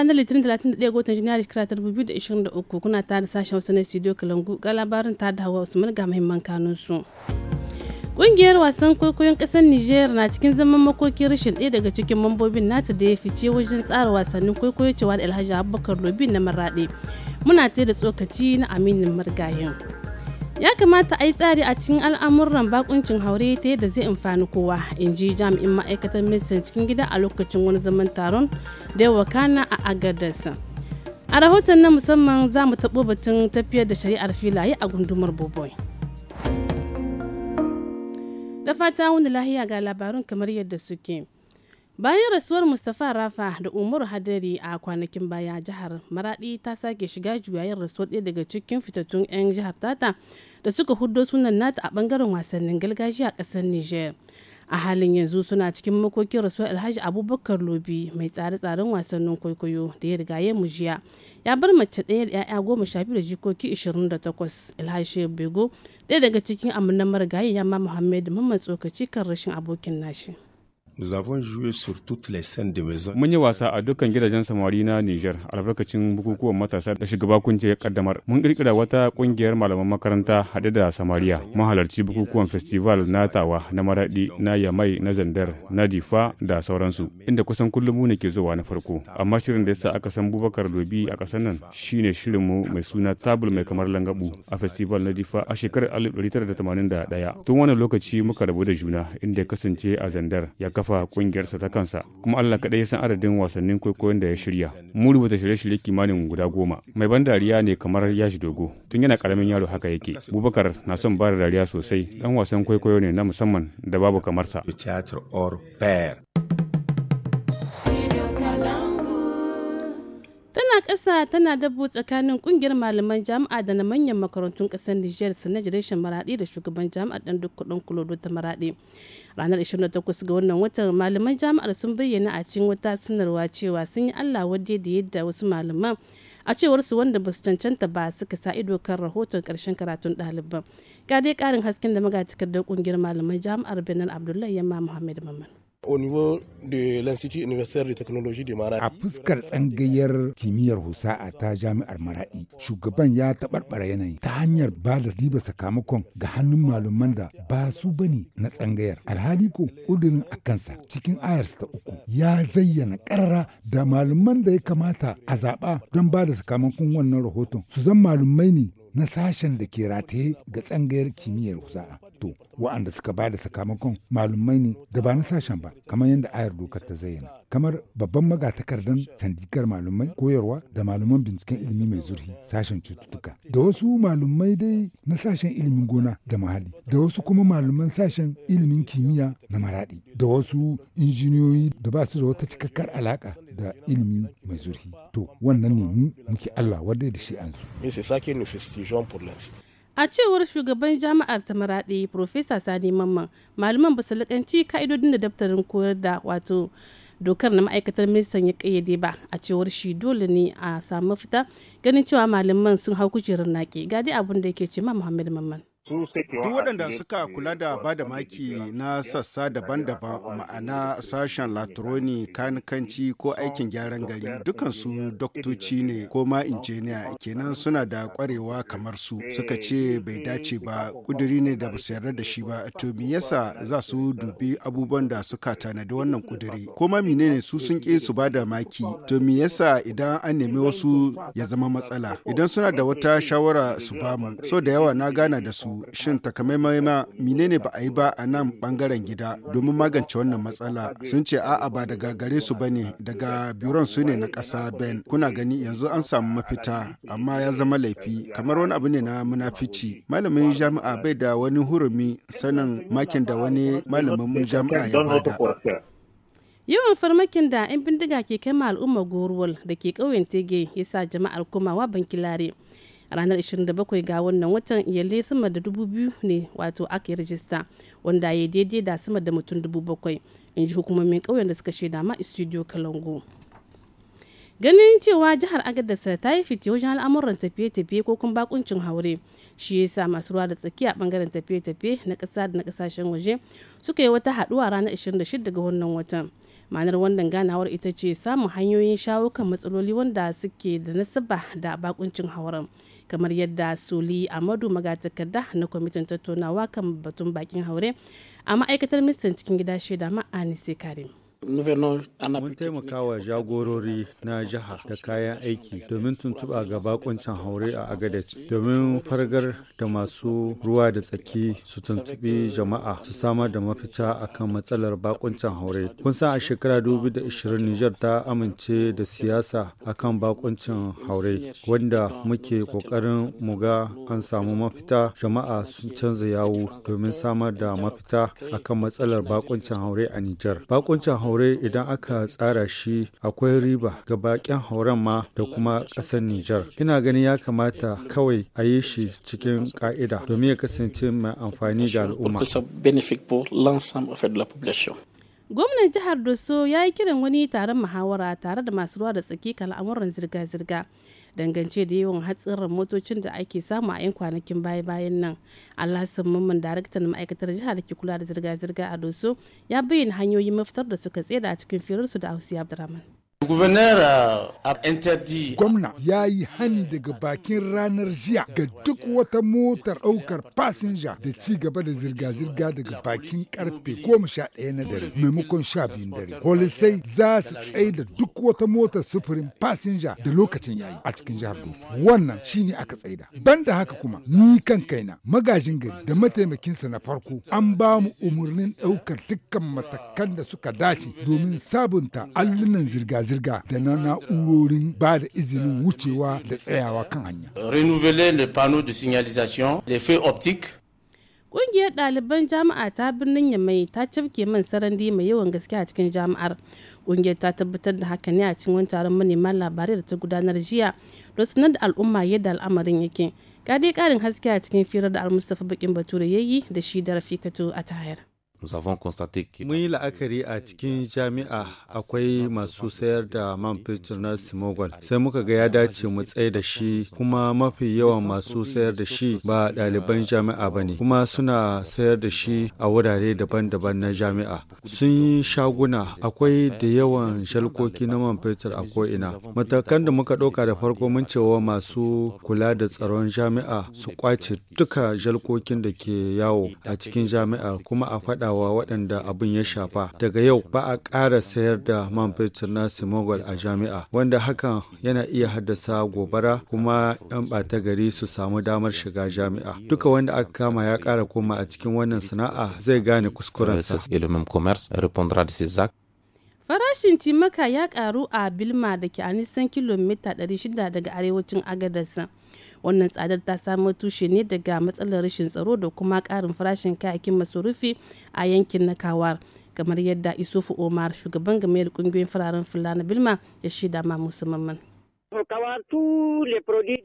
ranar litinin 31 ga janairu shekara 2023 kuna tare da sashen wasu na studio kalangu ga labarin ta da hawa usman ga muhimman su Ƙungiyar wasan kwaikwayon kasar niger na cikin zaman makokin rashin ɗaya daga cikin mambobin nata da ya fice wajen tsara wasannin kwaikwayo cewa da Alhaji Abubakar Lobin na Maraɗe. Muna tsaye da tsokaci na aminin Margayin. ya kamata a yi tsari a cikin al'amuran bakuncin haure ta yadda zai amfani kowa in ji jami'in ma'aikatar ministan cikin gida a lokacin wani zaman taron da yawa kana a agadas a rahoton na musamman za mu taɓo batun tafiyar da shari'ar filaye a gundumar boboi da fata wani lahiya ga labarun kamar yadda suke bayan rasuwar mustapha rafa da umaru hadari a kwanakin baya jihar maradi ta sake shiga juyayen rasuwar ɗaya daga cikin fitattun 'yan jihar tata da suka huddo sunan nata a bangaren wasannin gargajiya a kasar niger a halin yanzu suna cikin makokin rasuwar alhaji abubakar lobi mai tsare-tsaren wasannin kwaikwayo da ya riga ya mujiya ya bar mace ɗaya da 'ya'ya goma sha biyu da jikoki 28 alhaji bego ɗaya daga cikin amanan marigayi ya ma muhammed mamman tsokaci kan rashin abokin nashi. Mun yi wasa a dukkan gidajen samari na Nijar albarkacin bukukuwan matasa da shugaba kunce ya kaddamar. Mun kirkira wata kungiyar malaman makaranta haɗe da samariya. Mun halarci bukukuwan festival na tawa na maradi na yamai na zandar na difa da sauransu inda kusan kullum mu ne ke zowa na farko. Amma shirin da yasa aka san Bubakar Dobi a ƙasar nan shine shirin mu mai suna tabul mai kamar langabu a festival na difa a shekarar 1981. Tun wani lokaci muka rabu da juna inda ya kasance a zandar ya kafa kungiyarsa ta kansa kuma Allah kaɗai ya san adadin wasannin kwaikwayon da ya shirya mu rubuta shirye-shirye kimanin guda goma mai ban dariya ne kamar yashi dogo tun yana karamin yaro haka yake Bubakar na son ba da dariya sosai dan wasan kwaikwayo ne na musamman da babu kamar sa a ƙasa tana dabbo tsakanin kungiyar malaman jami'a da na manyan makarantun ƙasar Nijar sanadireshin maraɗi da shugaban jami'ar ɗan duk kuɗin kulodo ta maraɗi. Ranar 28 ga wannan watan malaman jami'ar sun bayyana a cikin wata sanarwa cewa sun yi Allah wadde da yadda wasu malaman a cewar su wanda ba su cancanta ba suka sa ido kan rahoton ƙarshen karatun ɗaliban. Ga dai ƙarin hasken da magatakar da ƙungiyar malaman jami'ar Benin Abdullahi Yamma Muhammad Mamman. A fuskar tsangayar kimiyyar husa'a ta jami'ar Maraɗi, shugaban ya taɓarɓara yanayi ta hanyar ba da riba sakamakon ga hannun malaman da ba su bane na tsangayar. Alhali ko ƙudurin a kansa cikin ayarsa ta uku ya zayyana ƙarara da malaman da ya kamata a zaɓa don ba da sakamakon wannan rahoton su zan malumai ne na sashen da ke rataye ga tsangayar kimiyyar husa'a. To, waɗanda suka ba da sakamakon malumai ne da ba na sashen ba kamar yadda ayar dokar ta zayyana kamar babban magatakardan sandikar malumai koyarwa da malaman binciken ilimi mai zurfi sashen cututtuka da wasu malumai dai na sashen ilimin gona da muhalli da wasu kuma malaman sashen ilimin kimiyya na maraɗi da wasu injiniyoyi da ba su da wata cikakkar alaka da ilimi mai zurfi to wannan ne mu muke Allah wadda da shi an su. a cewar shugaban jami'ar ta profesa sani mamman malaman ba su lakanci ka'idodin da daftarin koyar da wato dokar na ma'aikatar ministan ya kayyade ba a cewar shi dole ne a samu fita ganin cewa malaman sun hau kujerar naƙi gadi abin da yake ce ma muhammad mamman Duk waɗanda suka kula da ba da maki na sassa daban-daban ma'ana sashen latroni kanikanci ko aikin gyaran gari dukansu doktoci ne ko ma injiniya kenan suna da kwarewa kamar su suka ce bai dace ba kuduri ne da basu yarda da shi ba to me yasa za su dubi abubuwan da suka tanadi wannan kuduri ko ma menene su sun ke su ba da maki to me yasa idan an nemi wasu ya zama matsala idan suna da wata shawara su bamu so da yawa na gana da su shin takamaimai menene ba a yi ba a nan bangaren gida domin magance wannan matsala sun ce a'a ba daga gare su bane daga biron su ne na kasa ben kuna gani yanzu an samu mafita amma ya zama laifi kamar wani abu ne na munafici malamin jami'a bai da wani hurumi sanin makin da wani malamin jami'a ya bada yawan farmakin da 'yan bindiga ke kai ma al'ummar goruwal da ke ƙauyen tege ya sa jama'ar komawa bankilare a ranar 27 ga wannan watan iyalai sama da dubu biyu ne wato aka yi rajista wanda ya daidai da sama da mutum dubu bakwai in ji hukumomin ƙauyen da suka shaida ma studio kalango ganin cewa jihar agadarsa ta yi fice wajen al'amuran tafiye-tafiye ko kuma bakuncin haure shi ya sa masu ruwa da tsaki a bangaren tafiye-tafiye na ƙasa da na ƙasashen waje suka yi wata haɗuwa ranar 26 ga wannan watan ma'anar wannan ganawar ita ce samun hanyoyin shawo kan matsaloli wanda suke da nasaba da bakuncin hauren kamar yadda soli amadu magatakarda na kwamitin tattaunawa kan batun bakin haure a ma'aikatar ministan cikin gida shaida ma sai karim Mun taimaka wa jagorori na jiha da kayan aiki domin tuntuɓa ga bakuncin haure a Agadez, domin fargar da masu ruwa da tsaki su tuntuɓi jama'a su samar da mafita akan matsalar bakuncin haure. Kun san a shekara 2020 Nijar ta amince da siyasa akan bakuncin haure wanda muke ƙoƙarin muga an samu mafita jama'a sun canza yawo domin samar da mafita akan matsalar bakuncin haure a Nijar. Bakuncin haure haure idan aka tsara shi akwai riba ga bakin hauren ma da kuma ƙasar Nijar. Ina ganin ya kamata kawai a yi shi cikin ƙa'ida domin ya kasance mai amfani da al'umma. Gwamnan jihar Doso ya yi kiran wani taron muhawara tare da masu ruwa da tsaki kan zirga-zirga. dangance da yawan hatsarin motocin da ake samu a 'yan kwanakin baya-bayan nan alhassan mamman daraktan ma'aikatar jihar da ke kula da zirga-zirga a doso ya bayyana hanyoyin mafitar da suka tseda a cikin firarsu da hausi abdurrahman Euh, Gwamna ya yi hani daga bakin ranar jiya ga duk wata motar ɗaukar fasinja da ci gaba da zirga-zirga daga bakin karfe goma sha ɗaya na dare maimakon sha biyun dare. Polisai za su tsaye da duk wata motar sufurin fasinja da lokacin yayi a cikin jihar Dosu. Wannan shine aka tsaida. da haka kuma ni kan kaina magajin gari da mataimakinsa na farko an ba mu umarnin ɗaukar dukkan matakan da suka dace domin sabunta allunan zirga-zirga. zirga-zirga da na na'urorin ba da izinin wucewa da tsayawa kan hanya. Renouveler le panneau de signalisation, les feux optiques Ƙungiyar ɗaliban jami'a ta birnin Yamai ta cafke man sarandi mai yawan gaske a cikin jami'ar. Ƙungiyar ta tabbatar da haka ne a cikin wani taron manema labarai da ta gudanar jiya don sanar da al'umma yadda al'amarin yake. Ga dai ƙarin haske a cikin firar da almustafa Bakin Bature yi da shi da Rafikatu a tayar. Mun yi la'akari a cikin euh, jami'a akwai masu sayar da man fetur na Simogol. Sai muka ga ya dace mu tsaye da shi kuma mafi yawan masu sayar da shi ba ɗaliban jami'a ba ne. Kuma suna sayar da shi a wurare daban-daban na jami'a. Sun yi shaguna akwai da yawan shalkoki na man fetur a ko'ina. Matakan da muka ɗauka da farko mun cewa masu kula da tsaron jami'a su kwace duka jalkokin da ke yawo a cikin jami'a kuma a faɗa faɗawa waɗanda abin ya shafa daga yau ba a ƙara sayar da man fetur na simogol a jami'a wanda hakan yana iya haddasa gobara kuma 'yan ɓata gari su samu damar shiga jami'a duka wanda aka kama ya ƙara koma a cikin wannan sana'a zai gane kuskurensa farashin cimaka ya karu a bilma da ke a nisan kilomita 600 daga arewacin agadarsa wannan tsadar ta samu tushe ne daga matsalar rashin tsaro da kuma ƙarin farashin kayayyakin masarufi a yankin na kawar kamar yadda isufu omar shugaban gamayar kungiyoyin fararen fulani bilma ya shaida ma musamman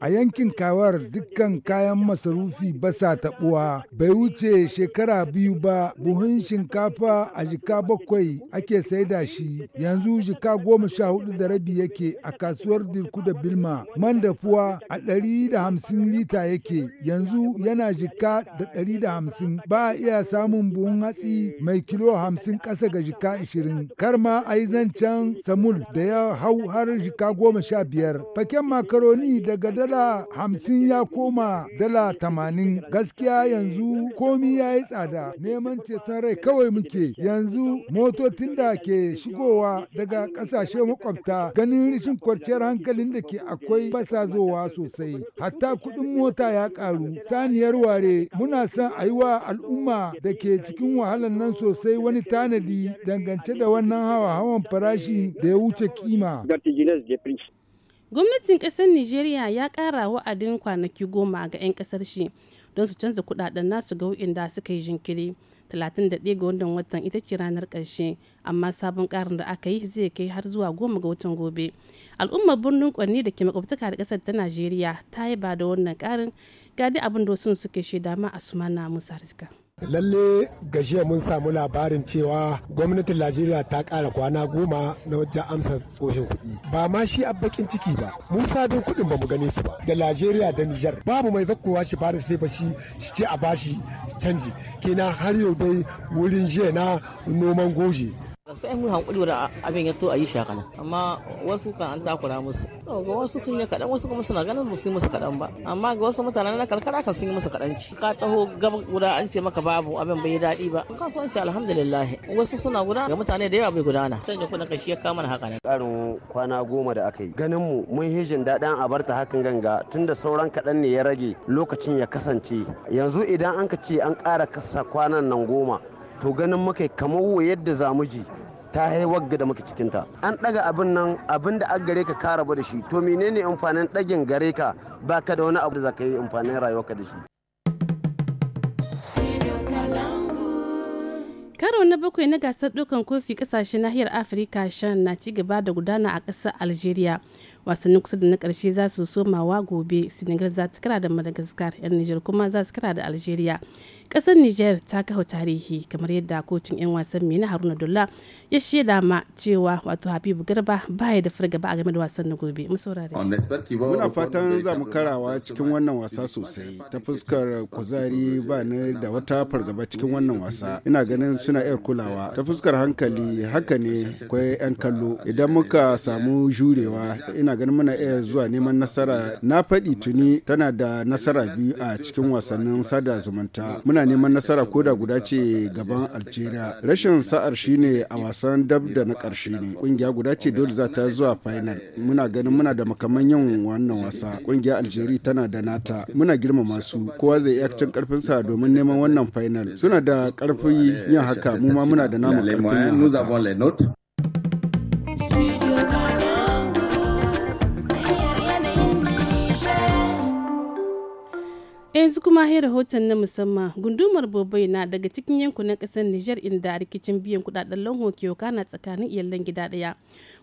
A yankin kawar dukkan kayan masarufi basa taɓuwa bai wuce shekara biyu ba buhun shinkafa a jika bakwai ake saida shi yanzu jika goma sha hudu da rabi yake a kasuwar dirku da bilma man dafuwa a ɗari da hamsin lita yake yanzu yana jika da ɗari da hamsin ba a iya samun buhun hatsi mai kilo hamsin ƙasa ga jika ishirin ma a yi zancen samul da ya hau har jika goma sha biyar biyar faken makaroni daga dala hamsin ya koma dala tamanin gaskiya yanzu komi ya yi tsada neman ceton rai kawai muke yanzu motocin da ke shigowa daga ƙasashe makwabta ganin rishin kwarciyar hankalin da ke akwai fasazowa sosai hatta kuɗin mota ya ƙaru saniyar ware muna son a yi wa al'umma da ke cikin wahalar nan sosai wani tanadi dangance da wannan hawa hawan farashi da ya wuce kima. gwamnatin kasar nigeria ya kara wa'adin kwanaki goma ga 'yan kasar shi don su canza kudaden nasu ga da suka yi jinkiri 31 ga wannan watan ita ce ranar ƙarshe amma sabon karin da aka yi zai kai har zuwa goma ga watan gobe al'ummar birnin kwanni da ke makwabtaka da kasar ta najeriya ta yi ba da wannan karin gadi abin da wasu suke shaida ma asumana musa riska Lalle gashiya mun samu labarin cewa gwamnatin Najeriya ta ƙara kwana goma na wajen amsa tsohon kuɗi. Ba ma shi a bakin ciki ba. Mu sabin kuɗin ba mu gane su ba. Da Najeriya da Nijar babu mai zakkowa shi ba da sai ba shi shi ce a bashi canji. Kina har yau dai wurin jiya na noman goje. sai mun hankuli da abin ya to a yi shi amma wasu kan an takura musu ga wasu sun yi kaɗan wasu kuma suna ganin musu musu kaɗan ba amma ga wasu mutanen na karkara kan sun yi musu kaɗan ci ka taho gaba guda an ce maka babu abin bai daɗi ba kasuwanci alhamdulillah wasu suna guda ga mutane da yawa bai gudana canja kuɗin kashi ya kama na haka nan ƙarin kwana goma da aka yi ganin mu mun hijin daɗin a barta hakan ganga tunda sauran kaɗan ne ya rage lokacin ya kasance yanzu idan an ka ce an ƙara kasa kwanan nan goma to ganin muka kamar yadda zamuji ta wagga da muke cikinta an ɗaga abin nan abin da an gare ka ka da shi to menene amfanin dagin gare ka ba ka da wani abu da za ka yi amfanin rayuwarka da shi karo na bakwai na gasar dukan kofi kasashen nahiyar afirka shan na ci gaba da gudana a kasar algeria wasannin kusa da na karshe za su somawa gobe senegal za ta kira da madagascar yan niger kuma za su kira da algeria kasar niger ta kawo tarihi kamar yadda kotun yan wasan mina haruna dola ya shaida ma cewa wato habibu garba ba ya da fargaba a game da wasan na gobe muna fatan za mu karawa cikin wannan wasa sosai ta fuskar kuzari ba ni da wata fargaba cikin wannan wasa ina ganin suna iya kulawa ta fuskar hankali haka ne kwai yan kallo idan muka samu jurewa ina ganin muna iya zuwa neman nasara na faɗi tuni tana da nasara biyu a cikin wasannin sada zumunta muna neman nasara ko da guda ce gaban algeria rashin sa'ar shine a wasan dab da na ƙarshe ne ƙungiya guda ce dole za ta zuwa final muna ganin muna da makaman yin wannan wasa ƙungiya algeria tana da nata muna girmama su kowa zai iya cin ƙarfinsa domin neman wannan final suna da ƙarfi yin haka mu ma muna da namu ƙarfin yin haka mahe rahoton na musamman gundumar bobai na daga cikin yankunan kasar niger inda rikicin biyan kudaden lanho ke na tsakanin iyalan gida daya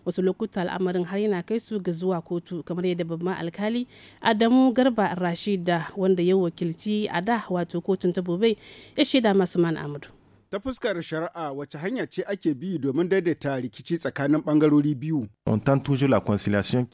wasu lokuta al'amarin har yana kai su ga zuwa kotu kamar yadda babban alkali adamu garba rashida wanda ya wakilci a da wato kotun ta bobai ya shaida masu man amadu ta fuskar shari'a wace hanya ce ake bi domin daidaita rikici tsakanin bangarori biyu on tant la conciliation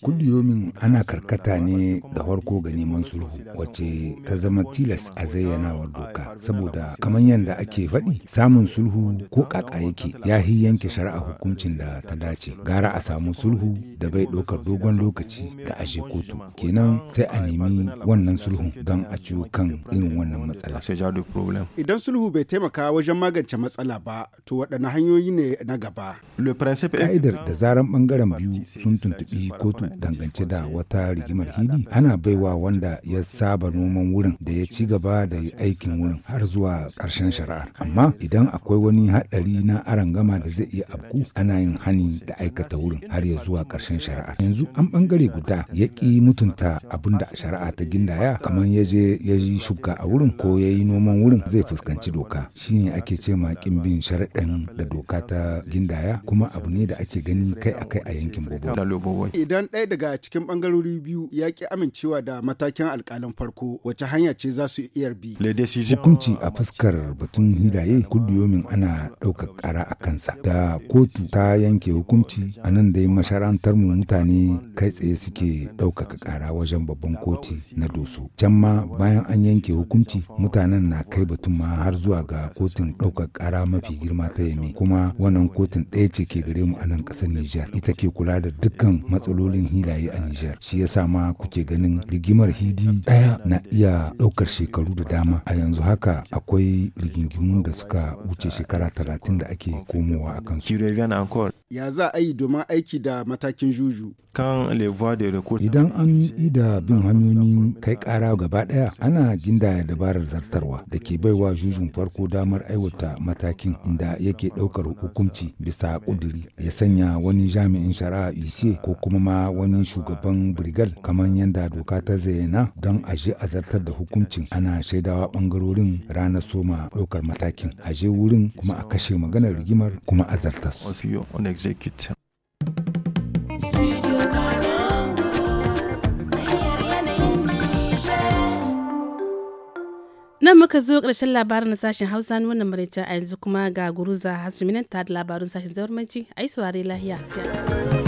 ana karkata ne da farko ga neman sulhu wace ta zama tilas a zayyanawar doka saboda kamar yadda ake faɗi samun sulhu ko kaka yake ya hi yanke shari'a hukuncin da ta dace gara a samu sulhu da bai ɗaukar dogon lokaci da ashe kotu kenan sai a nemi wannan sulhu don a ciwo kan irin wannan matsala idan sulhu bai taimaka wajen magance magance matsala ba to waɗanne hanyoyi ne na gaba. Ka'idar da zaran ɓangaren biyu sun tuntuɓi kotu dangance da wata rigimar hili ana baiwa wanda ya saba noman wurin da ya ci gaba da aikin wurin har zuwa ƙarshen shari'ar. Amma idan akwai wani haɗari na arangama da zai iya abku ana yin hani da aikata wurin har ya zuwa karshen shari'ar. Yanzu an ɓangare guda ya ƙi mutunta abun da shari'a ta gindaya kamar ya je ya yi shuka a wurin ko ya yi noman wurin zai fuskanci doka shine ake ce makin bin sharaɗin da doka ta gindaya kuma abu ne da ake gani kai a kai a yankin bobo idan ɗaya daga cikin ɓangarori biyu ya ki amincewa da matakin alƙalin farko wace hanya ce za su iya bi hukunci a fuskar batun hidaye kulliyomin ana ɗaukar ƙara a kansa da kotu ta yanke hukunci a nan dai masharantar mu mutane kai tsaye suke ɗaukaka ƙara wajen babban koti na doso can ma bayan an yanke hukunci mutanen na kai batun ma har zuwa ga kotun ɗaukar. ɗaukar ƙara mafi girma ta yami kuma wannan kotun ɗaya ce ke gare mu a nan ƙasar Nijar ita ke kula da dukkan matsalolin hilaye a Nijar shi yasa ma kuke ganin rigimar hidi ɗaya na iya ɗaukar shekaru da dama a yanzu haka akwai rigingimun da suka wuce shekara talatin da ake komowa a kansu. Ya za a yi domin aiki da matakin juju. Idan an yi da bin hanyoyin kai kara gaba ɗaya ana gindaya dabarar zartarwa da ke baiwa jujun farko damar aiwata matakin inda yake ɗaukar hukunci bisa ƙuduri ya sanya wani jami'in shari'a ise ko kuma ma wani shugaban brigal kamar yadda doka ta zayyana don a je a zartar da hukuncin ana shaidawa ɓangarorin ranar soma ɗaukar matakin a je wurin kuma a kashe maganar rigimar kuma a zartas. muka zo ƙarshen labarin na sashen Hausa ne wannan maraice a yanzu kuma ga Guruza hasu ta da labarin sashen zaurmanci a yi lahiya lahiya.